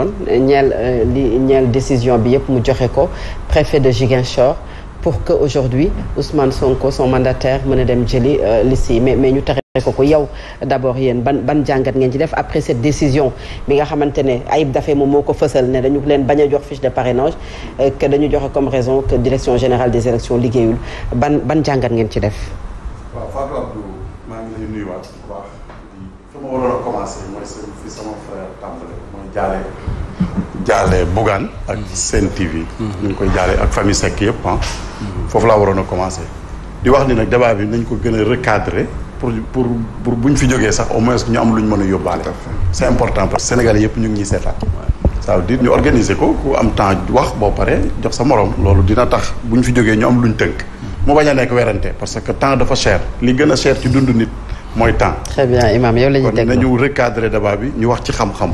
kon ñeel euh, li ñeel décision bi yëpp mu joxe ko préfet de Ziguinchor pour que aujourd'hui Ousmane Sonko son mandataire mën a dem jëli euh, lissi mais mais ñu tere ko ko yow d'abord yéen ban ban jàngat ngeen ci def après cette décision bi nga xamante ne Ayib Daffé moom moo ko fësal ne dañu leen bañ a jox fiche de parrainage euh, que dañu joxe comme raison que direction générale des élections liggéeyul ban ban jàngat ngeen ci def. waroon a commencé mooy seen sama frère tàmbale mooy jaale jaale Bougane ak mhm. Sen TV mhm. ñu ngi koy jaalee ak famille sekk yëpp ah mhm. foofu laa waroon a commencé di wax ni nag débat bi nañ ko gën a recadrer pour pour pour bu ñu fi jógee sax au moins ñu am lu ñu mën a yóbbaale c'est important parce que Sénégalais yëpp ñu ngi ñuy seetaan ça veut dire ñu organiser ko ku am temps wax boo paree jox sa morom loolu dina tax bu ñu fi jógee ñu am luñ tënk mu bañ a nekk werante parce que temps dafa cher li gën a cher ci dund nit mooy temps. très bien imam yow la ñuy teg kon nañu recadrer débat bi ñu wax ci xam-xam.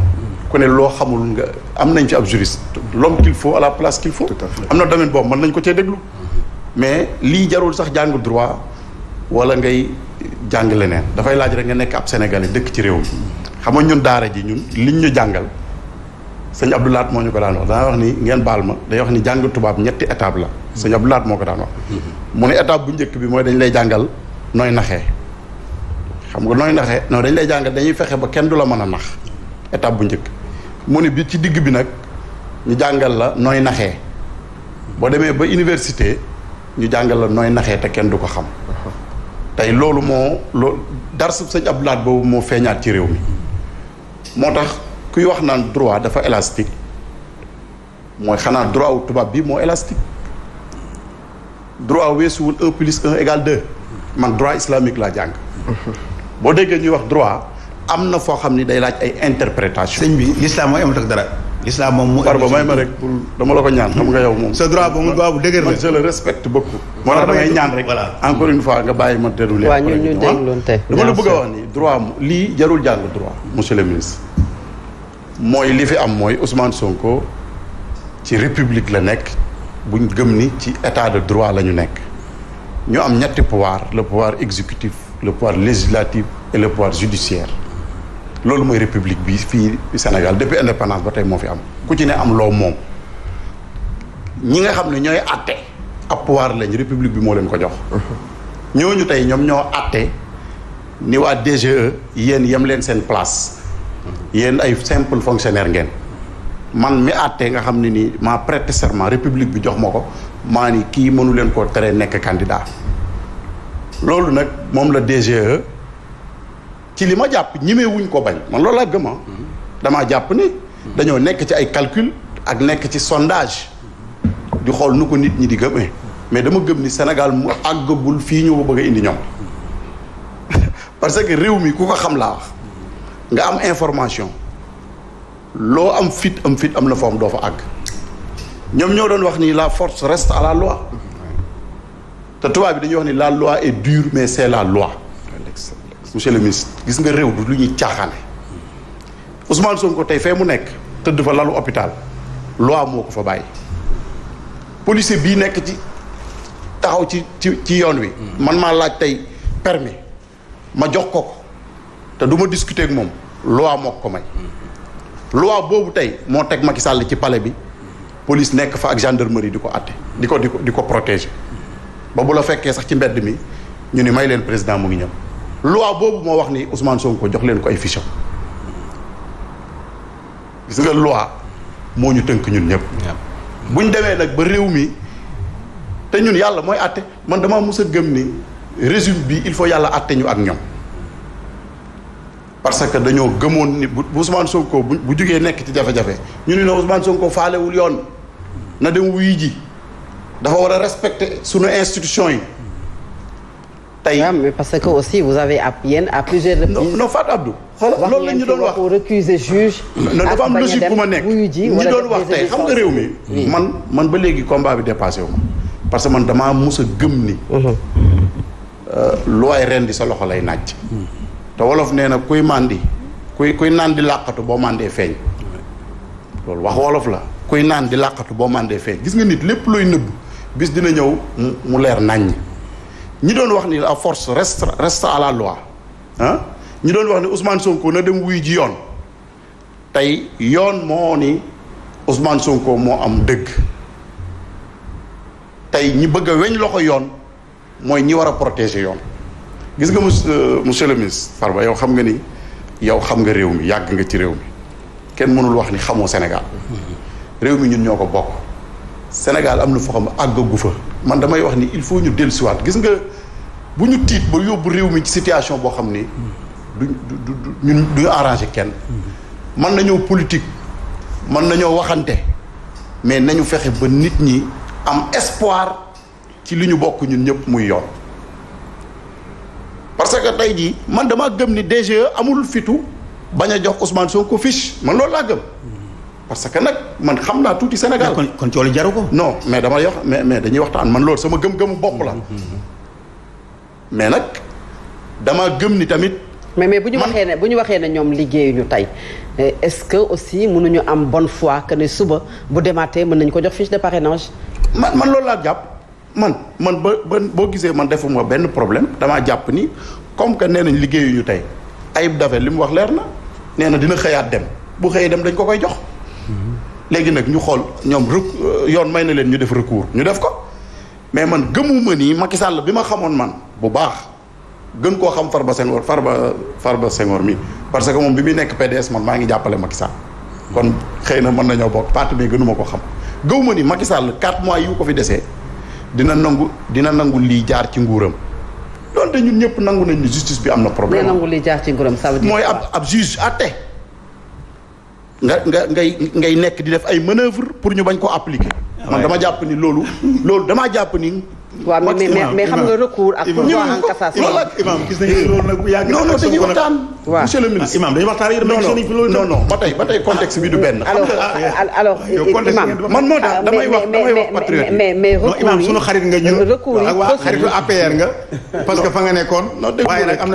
ku ne loo xamul nga am nañ ci ab juriste. l'homme qu'il faut à la place qu'il faut. am na domaine boobu mën nañ ko cee déglu. mais lii jarul sax jàng droit wala ngay jàng leneen dafay laaj rek nga nekk ab sénégalais dëkk ci réew mi. xam ñun daara ji ñun liñ ñu jàngal sëñ Abdou Lahat moo ñu ko daan wax daan wax ni ngeen baal ma day wax ni jàng tubaab ñetti étape la. sëñ Abdou moo ko daan wax. mu ne étape bu njëkk bi mooy dañ lay jàngal nooy naxee. xam nga nooy naxee non dañ lay jàngal dañuy fexe ba kenn du la mën a nax étape bu njëkk mu ne bi ci digg bi nag ñu jàngal la nooy naxee boo demee ba université ñu jàngal la nooy naxee te kenn du ko xam tey loolu moo loolu darsu sëñ Abdoulaat boobu moo feeñaat ci réew mi moo tax kuy wax naan droit dafa élastique mooy xanaa droit tubaab bi moo élastique droit weesuwul un plus un égale deux man droit islamique laa jàng boo déggee ñuy wax droit am na foo xam ni day laaj ay interprétation sëñ bi l'islam mooy amut ak dara l'islam moom mu Farba may ma rek pour dama la ko ñaan xam nga yow moom sa droit ba mu droit bu dëgër la je le respecte beaucoup moo tax damay ñaan rek encore une fois nga bàyyi ma déroulé waaw ñu ñu dégloon la bëgg a wax ni droit lii jarul jàng droit monsieur le ministre mooy li fi am mooy Ousmane Sonko ci république la nekk buñ gëm ni ci état de droit la ñu nekk ñu am ñetti pouvoir le pouvoir exécutif le pouvoir législatif et le pouvoir judiciaire loolu mooy république bi fii Sénégal depuis indépendance ba tey moo fi am ku ci ne am loo moom ñi nga xam ne ñooy atte ab pouvoir lañ république bi moo leen ko jox ñooñu tey ñoom ñoo atte ni waa DGE yéen yem leen seen place yéen ay simple fonctionnaire ngeen man mi àttee nga xam ne nii maa prêté serment république bi jox ma ko maa ni kii mënu leen koo tere nekk candidat loolu nag moom la DGE ci li ma jàpp ñimewuñ ko bañ man loolu laa gëm ah damaa jàpp ni dañoo nekk ci ay calcul ak nekk ci sondage di xool nu ko nit ñi di gëmee mais dama gëm ni Sénégal mu àggagul fii ñu ko bëgg a indi ñoom parce que réew mi ku ko xam laa wax nga am information loo am fit am fit am na foo am doo fa àgg ñoom ñoo doon wax nii la force rest à la te tubaab bi dañuy wax ni la loi est dure mais c'est la loi. monsieur le ministre gis nga réew du lu ñuy caaxaane Ousmane Sonko tey fee mu nekk tëdd fa lalu hôpital loi moo ko fa bàyyi policier bii nekk ci taxaw ci ci ci yoon wi. man maa laaj tey permis ma jox ko ko te du ma discuter moom loi moo ko may. loi boobu tey moo teg ma ki sàll ci pale bi police nekk fa ak gendarmerie di ko àtte di ko di ko di ko protéger. ba bu la fekkee sax ci mbedd mi ñu ni may leen président mu ngi ñëw loi boobu moo wax ni Ousmane Sonko jox leen ko ay fiches gis nga loi moo ñu tënk ñun ñëpp. bu ñu demee nag ba réew mi te ñun yàlla mooy àtte man dama mus a gëm ni régime bi il faut yàlla àtte ñu ak ñoom. parce que dañoo gëmoon ni bu Ousmane Sonko bu bu jugee nekk ci jafe-jafe ñu ne na Ousmane Sonko faalewul yoon na dem wuy ji. dafa war a respecter sunu institution yi. tey waaw mais parce que aussi vous avez à yéen à plusieurs reprises. non Fatou Abdou. xoolal loolu la ñu doon wax pour recuser juge. non dafa am logique bu ma nekk ñi doon wax tey xam nga réew mi. man man ba léegi combat bi dépassé wu ma. parce que man damaa mus a gëm ni. Mhm. Euh, looy ren di sa loxo lay naaj. te wolof nee na kuy màndi kuy kuy naan di làqatu boo màndee feeñ. loolu wax wolof la kuy naan di làqatu boo màndee feeñ gis nga nit lépp looy nëbb. bis dina ñëw mu leer nàññ ñi doon wax ni la force reste reste à la ah ñi doon wax ni Ousmane Sonko na dem wuy ji yoon tey yoon moo ni Ousmane Sonko moo am dëgg tey ñi bëgg a weñ loxo yoon mooy ñi war a protéger yoon gis nga euh, monsieur le ministre Farba yow xam nga ni yow xam nga réew mi yàgg nga ci réew mi kenn mënul wax ni xamoo Sénégal réew mi ñun ñoo ko bokk Sénégal am na foo xam àggagu fa man damay wax ni il faut ñu dellusiwaat gis nga bu ñu tiit ba yóbbu réew mi ci situation boo xam ni duñ du ñun arrangé kenn mën nañoo politique mën nañoo waxante mais nañu fexe ba nit ñi am espoir ci li ñu bokk ñun ñëpp muy yoon parce que tey jii man dama gëm ni DGE amul fitu bañ a jox Ousmane Sonko fiche man loolu laa gëm parce que nag man xam naa tuuti Sénégal. kon kon coolu jaru ko. no mais dama yox mais mais dañuy waxtaan man loolu sama gëm-gëmu bopp la. Mm-hmm. mais nag dama gëm ni tamit. mais mais bu ñu waxee ne bu ñu waxee ne ñoom liggéeyuñu tey eh, est-ce que aussi mënuñu am bonne fois que ne suba bu demaatee mën nañ ko jox fiche de parrainage. man man loolu laa jàpp man man ba ba boo gisee man defuma benn problème damaa jàpp ni comme que nee nañ liggéeyuñu tey Ayib Daffé li mu wax leer na nee na dina xëyaat dem bu xëyee dem dañ ko koy jox. léegi nag ñu xool ñoom rek euh, yoon may na leen ñu def recours ñu def ko mais man gëmuma nii Macky Sall bi ma xamoon man bu baax gën koo xam far ba Farba Farba Senghor mi parce que moom bi muy nekk PDS man maa ngi jàppale Macky Sall kon xëy na mën nañoo bokk parti bi gënuma ko xam gëwuma ni Macky Sall 4 mois yu ko fi desee dina nangu dina nangu lii jaar ci nguuram donte ñun ñëpp nangu nañ ni justice bi am na problème. dina nangu lii jaar ci nguuram ça veut dire mooy ab ab juge àtte nga nga ngay ngay nekk di def ay manœuvre pour ñu bañ ko appliquer man dama jàpp ni loolu. loolu dama jàpp ni. waaw mais mais xam nga recours ak pourvoi en cassation. imam gis nañu non non man moo tax ah, damay wax damay wax patriote. mais mais recours yi imam sunu xarit nga ñun. recours yi waa nga. parce que fa nekkoon. non dégg waaye nag am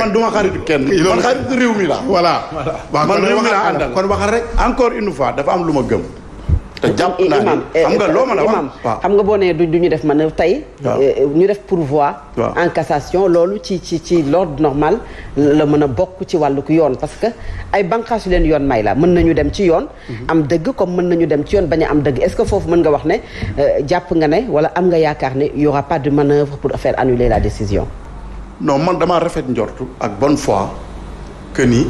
man du ma kenn. man xaritu réew mi la voilà. man réew mi la àndal encore une fois dafa am lu ma gëm te jàpp naa xam nga eh, eh, loo a wax xam nga boo nee du ñu def manœuvre tey. Eh, ñu def pourvoi. en cassation loolu ci ci ci l'ordre normal la mën a bokk ci wàllu yoon parce que ay bànqaas yu leen yoon may la mën nañu dem ci yoon. Mhm. am dëgg comme mën nañu dem ci yoon bañ a am dëgg est que foofu mën nga wax ne euh, jàpp nga ne wala am nga yaakaar ne y aura pas de manœuvre pour faire annuler la décision. non man damaa rafet njortu ak bon fois que ni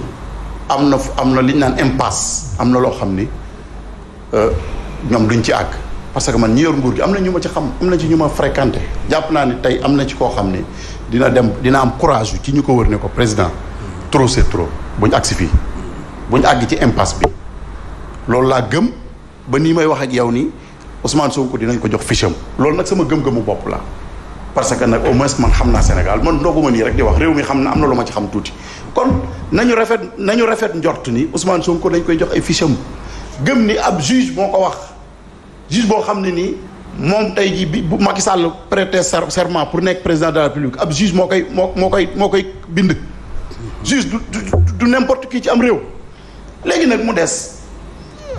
am na am na li naan impasse am na loo xam ni. Euh, ñoom duñ ci àgg parce que man ñu yor nguur gi am na ñu ma ci xam am na ci ñu ma fréquenté jàpp naa ne tey am na ci koo xam ne dina dem dina am courage ci ñu ko wër ne ko président trop c'est trop bu ñu àgg si fii buñ àgg ci impasse bi loolu laa gëm ba nii may wax ak yow nii Ousmane Sonko dinañ ko jox ficham loolu nag sama gëm-gëmu bopp la parce que nag au moins man xam naa Sénégal man dooguma nii rek di wax réew mi xam na am na lu ci xam tuuti kon nañu rafet nañu rafet njort ni Ousmane Sonko dañ koy jox ay ficham gëm ni ab juge moo ko wax juge boo xam ne nii moom tey jii bi bu Macky Sall prêter serment pour nekk président de la République ab juge moo koy moo moo koy moo koy bind. juge du du n'importe qui ci am réew. léegi nag mu des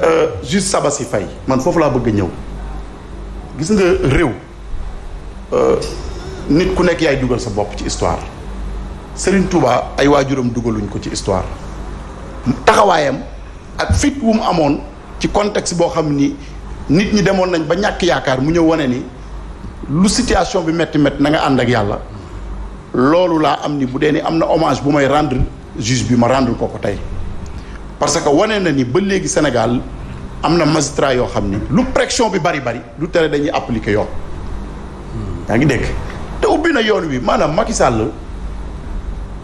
euh, juge Sabassi fay man foofu laa bëgg a ñëw gis nga réew euh, nit ku nekk yaay dugal sa bopp ci histoire Serigne Touba ay waajuram dugaluñ ko ci histoire taxawaayam ak fit wu mu amoon ci contexte boo xam ni. nit ñi demoon nañ ba ñàkk yaakaar mu ñëw wane ni lu situation bi métti métti na nga ànd ak yàlla loolu laa am ni bu dee ni am na hommage bu may rendre juge bi ma rendre ko ko tey parce que wane na ni ba léegi Sénégal am na magistrat yoo xam ni lu pression bi bari bari lu tere dañuy appliquer yoon yaa ngi dégg te ubbi na yoon wi maanaam Macky Sall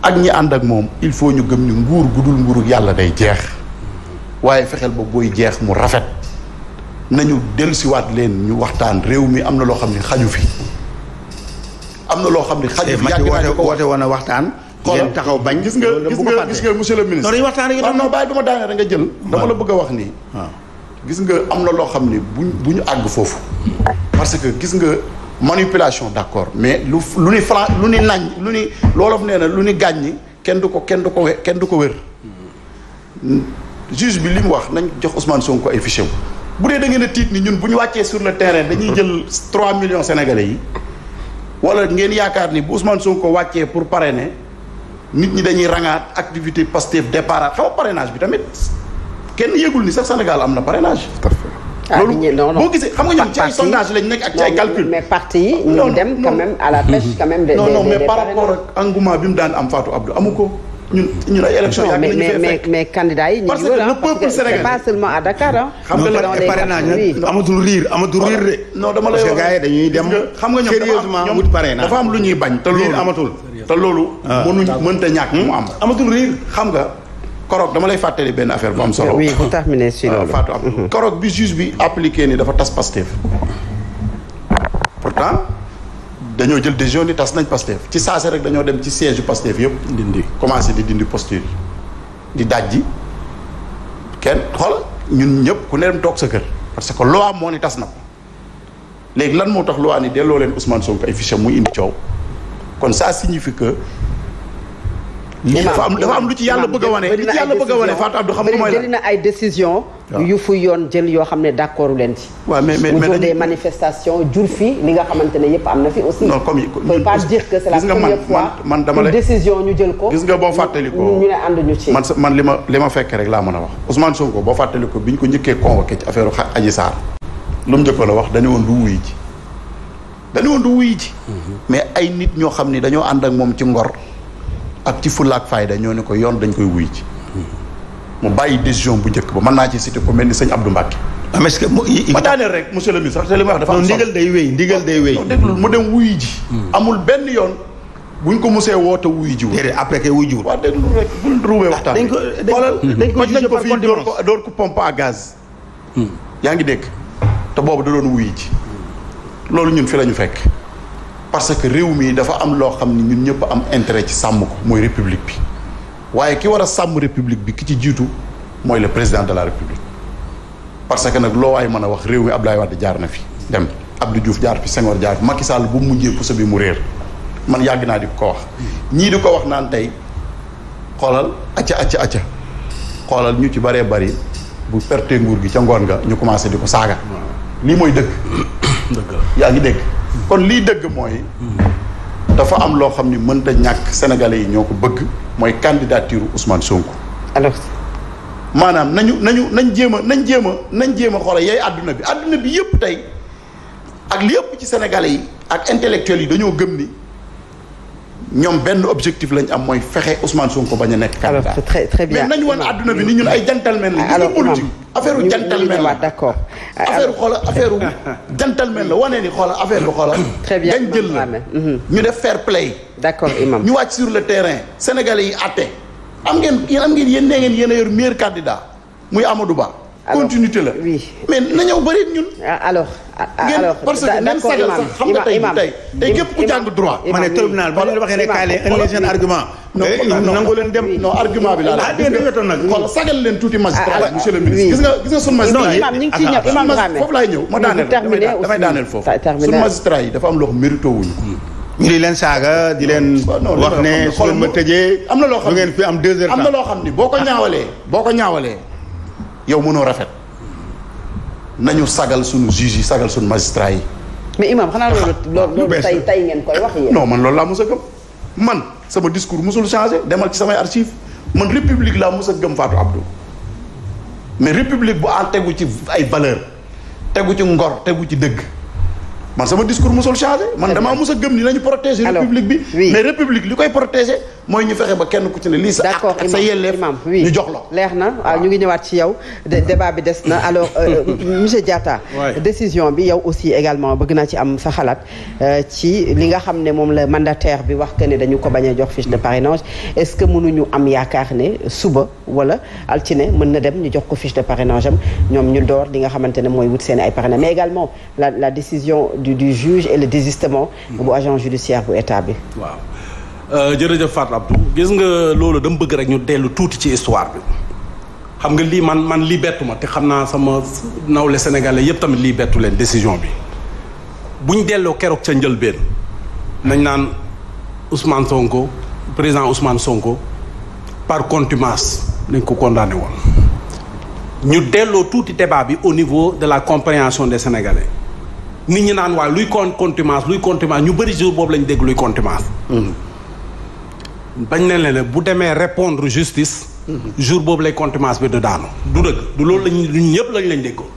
ak ñi ànd ak moom il faut ñu gëm ni nguur gudul nguuru yàlla day jeex waaye fexeel ba booy jeex mu rafet nañu dellusiwaat leen ñu waxtaan réew mi am na loo xam ne xaju fi am na loo xam ne xaju fi yàgg naa ko woote woon waxtaan ngeen taxaw bañ gis nga gis nga gis nga monsieur le ministre waxtaan non bàyyi ba ma daanee da nga jël ah. dama la bëgg a wax nii ah. gis nga am na loo xam ne buñ bu ñu àgg foofu parce que gis nga manipulation d'accord mais lu lu ni franc lu ni nañ lu ni loolof nee na lu ni gàññi kenn du ko kenn du ko kenn du ko wér bi li mu wax nañ jox Ousmane ko ay fichier bu dee da ngeen a tiit ni ñun bu ñu wàccee sur le terrain dañuy jël 3 millions sénégalais yi wala ngeen yaakaar ni bu Ousmane ko wàccee pour parrainer nit ñi dañuy rangaat activité Pastef départ xaw parrainage bi tamit kenn yëgul ni sax Sénégal am na parrainage. Ah, loolu boo gisee xam nga ñoom ci ay sondage lañ nekk ak ci ay calcul. mais parti yi ñu dem quand même à la mais par rapport ak engouement bi mu daan am Fatou Abdou amu ko. ñun ñu ay élections yàgg nañu fee fekk mais candidat yi. ñu ah, parce que le peuple sénégalais pas seulement à Dakar ah. xam nga parrainage amatul riir amatul riir de. non dama lay wax parce dañuy dem. xam nga sérieusement dafa am lu ñuy bañ. te loolu amatul te loolu. Ah. mënuñ mënta ñàkk mu am. amatul riir xam nga. korog dama lay fàttali benn affaire bu am solo. oui bu terminer si ah, loolu Fatou am. Mhm. korog bi juge bi appliqué ni dafa tas Pastef pourtant. dañoo jël décision ni tas nañ Pastef ci saase rek dañoo dem ci siège yu Pastef yëpp. dindi commencé di dindi posture yi di dajji kenn xoolal ñun ñëpp ku ne dem toog sa kër. parce que loi moo ni tas na léegi lan moo tax loi ni delloo leen Ousmane Sonko ay fichier muy indi coow kon ça signifie lii dafa am am lu ci yàlla bëgg a wane lu ci yàlla bëgg a wane Fatou xam nga mooy la na ay décision yu fu yoon jël yoo xam ne d' accord leen ci waaw mais mais mais nga xamante ne yëpp am na fi aussi non comme peut pas dire que dama lay décision ñu jël ko gis nga boo fàttali ko ñu ne ànduñu ci man li ma li ma fekkee rek laa mën a wax Ousmane Sonko boo fàttali ko bi ñu ko njëkkee convoqué ci affaire Adji Sarr lu mu njëkkoon a wax dañu woon du wuyu ji dañu woon du wuyu ji mhm. mais ay nit ñoo xam ni dañoo ànd moom ci ngor ak ci fulaak fayda ñoo ne ko yoon dañ koy wuy ci mu bàyyi décision bu njëkk ba mën naa ci cité ku mel ni sëñ Abdou Mbacke ah, mais est-ce que ma daaneel rek monsieur le ministre te li ma wax dafa am ndigal day wéy ndigal day wéy déglul mu dem wuy ji hmm. amul benn yoon buñ ko musee woote wuy jiwul déedéet après kay wuy jiwul waaw déglu rek bul ruubee ah, waxtaan dañ ko dañ ko dañ ko fii ko door ko pompe à hmm. yaa ngi dégg te boobu da doon wuy ji loolu ñun fi la ñu fekk parce que réew mii dafa am loo xam ni ñun ñëpp am intérêt ci sàmm ko mooy république bi waaye ki war a sàmm république bi ki ci jiitu mooy le président de la république parce que nag loo waay mën a wax réew mi ab Abdoulaye Wade jaar na fi dem ab Abdou juuf jaar fi Senghor jaar fi Macky Sall bu mu mujjee puso bi mu réer man yàgg naa di ko wax ñii di ko wax naan tey xoolal acca acca acca xoolal ñu ci bëree bëri bu perte nguur gi ca ngoon nga ñu commencé di ko saaga lii mooy dëgg yaa ngi dégg kon lii dëgg mooy. dafa am loo xam ni mënta ñàkk sénégalais yi ñoo ko bëgg mooy candidature Ousmane Sonko. alors maanaam nañu nañu nañ jéem a nañ jéem a nañ jéem a xoolal yaay àdduna bi àdduna bi yëpp tey ak li yëpp ci sénégalais yi ak intellectuels yi dañoo gëm ni. ñoom benn objectif lañ am mooy fexe Ousmane Sonko bañ a nekk candidat très très bien mais nañu woon àdduna bi ni ñun ay gentleman la ñu politique affaire u gentleman la d'accord affaire xoola affaire u gentleman wanee ni xoola affaire bi xoola très bien dañ jël la mhm. ñu def fair play d'accord imam ñu wàcc sur le terrain sénégalais yi àtte am ngeen am ngeen yéen nee ngeen yéen a yor meilleur candidat muy Amadou Ba continuité la mais nañoo bëri ñun. Ah, alors ah, alors parce que même sagal sax xam nga tey tey tey ku jàng droit. ma ne tribunal ba ñu waxee ne kaay leen indi seen argument. Eh, non nangu leen dem non argument ah, tuuti magistrat le ministre. gis nga gis yi. foofu laay ñëw. ma daaneel damay daaneel foofu. sunu magistrat yi dafa am loo xam mérito na loo xam ne du ngeen fi na loo xam ne boo ko ñaawalee boo ko ñaawalee yow mënoo rafet nañu sagal suñu juge yi sagal suñu magistrat yi. mais imam xanaa loolu loolu tey tey ngeen koy wax yéen. non man loolu laa mos a gëm man sama discours mosul changé demal ci samay archive man république laa mos a gëm Fatou Abdou mais république bu en tegu ci ay valeur tegu ci ngor tegu ci dëgg man sama discours mosul changé man damaa mos a gëm ni nañu protéger république bi mais république li koy protéger mooy ñu fexe ba kenn ku ci ne lii sa ak sa yelleef ñu jox la leer na waaw ñu ngi ñëwaat ci yow débat bi des na alors euh, monsieur Diatta décision bi yow aussi également bëgg naa ci am sa xalaat euh, ci li nga xam ne moom la mandataire bi wax que ne dañu ko bañ a jox fiche de parrainage est-ce que mënuñu am yaakaar ne suba wala altine mën na dem ñu jox ko fiche de parrainage ñoom ñu door li nga xamante ne mooy wut seen ay parrainage mais également la la décision du du juge et le désistement hmm. bu agent judiciaire bu état bi waaw Euh, jërëjëf Fatou Abdou gis nga loolu dama bëgg rek ñu dellu tuuti ci histoire bi xam nga lii man man lii bettu ma te xam naa sama nawle sénégalais yépp tamit lii bettu leen décision bi buñ delloo keroog sa njëlbeen nañ naan Ousmane Sonko président Ousmane Sonko par contumace nañ ko condamné woon ñu delloo tuuti débat bi au niveau de la compréhension de sénégalais nit ñi naan waaye luy con contumace luy contumace ñu bëri jour boobu lañ dégg luy contumace mm-hmm. bañ na leen bu demee répondre justice. Mhm. jour boobu lay contumace bi di daanu. du dëgg du loolu lañ ñun ñëpp lañ leen déggoo.